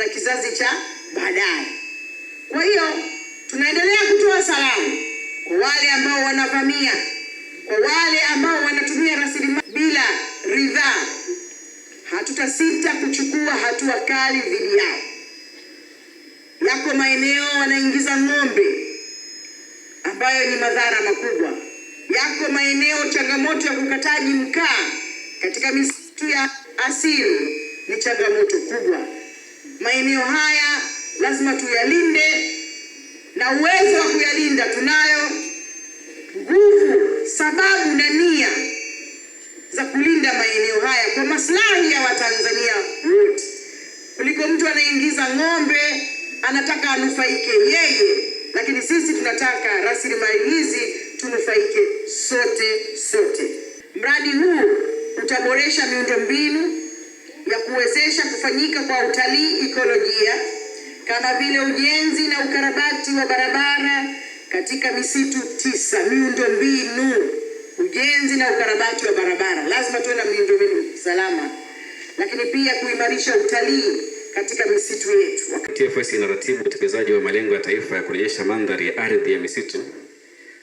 na kizazi cha baadaye. Kwa hiyo tunaendelea kutoa salamu kwa wale ambao wanavamia, kwa wale ambao wanatumia rasilimali bila ridhaa. Hatutasita kuchukua hatua kali dhidi yao. Yako maeneo wanaingiza ng'ombe ambayo ni madhara makubwa. Yako maeneo changamoto ya kukataji mkaa katika misitu ya asili ni changamoto kubwa. Maeneo haya lazima tuyalinde, na uwezo wa kuyalinda tunayo, nguvu, sababu na nia za kulinda maeneo haya kwa maslahi ya Watanzania wote, kuliko mtu anaingiza ng'ombe anataka anufaike yeye, lakini sisi tunataka rasilimali hizi tunufaike sote sote. Mradi huu utaboresha miundombinu kufanyika kwa utalii ikolojia kama vile ujenzi na ukarabati wa barabara katika misitu tisa, miundombinu, ujenzi na ukarabati wa barabara. Lazima tuwe na miundombinu salama, lakini pia kuimarisha utalii katika misitu yetu. TFS inaratibu utekelezaji wa malengo ya taifa ya kurejesha mandhari ya ardhi ya misitu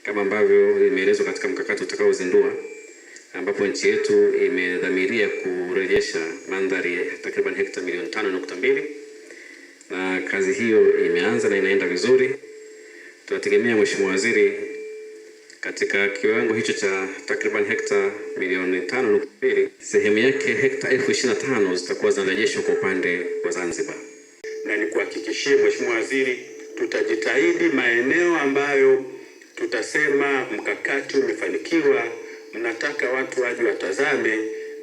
kama ambavyo imeelezwa katika mkakati utakaozindua ambapo nchi yetu imedhamiria kurejesha mandhari ya takriban hekta milioni tano nukta mbili na kazi hiyo imeanza na inaenda vizuri. Tunategemea mweshimua Waziri, katika kiwango hicho cha takriban hekta milioni tano nukta mbili sehemu yake hekta elfu ishiri na tano zitakuwa zinarejeshwa kwa upande wa Zanzibar, na nikuhakikishie mweshimua Waziri, tutajitahidi maeneo ambayo tutasema mkakati umefanikiwa mnataka watu waje watazame,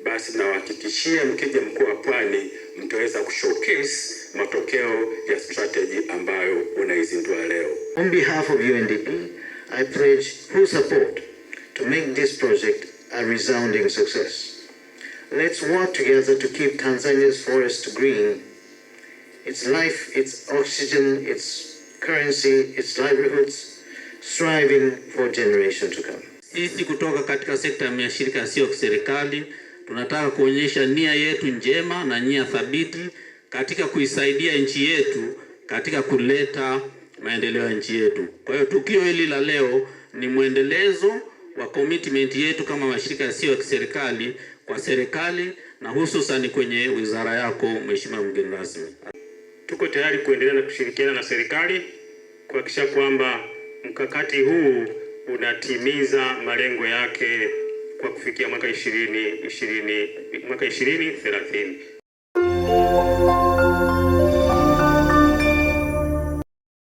basi nawahakikishia mkija mkoa wa Pwani mtaweza kushowcase matokeo ya strategy ambayo unaizindua leo. On behalf of UNDP, I pledge full support to make this project a resounding success. Let's work together to keep Tanzania's forest green. Its life, its oxygen, its currency, its livelihoods, striving for generations to come. Sisi kutoka katika sekta ya mashirika yasiyo ya kiserikali tunataka kuonyesha nia yetu njema na nia thabiti katika kuisaidia nchi yetu katika kuleta maendeleo ya nchi yetu. Kwa hiyo tukio hili la leo ni mwendelezo wa commitment yetu kama mashirika yasiyo ya kiserikali kwa serikali na hususan kwenye wizara yako, Mheshimiwa mgeni rasmi. Tuko tayari kuendelea na kushirikiana na serikali kuhakikisha kwamba mkakati huu unatimiza malengo yake kwa kufikia mwaka 2020 mwaka 2030.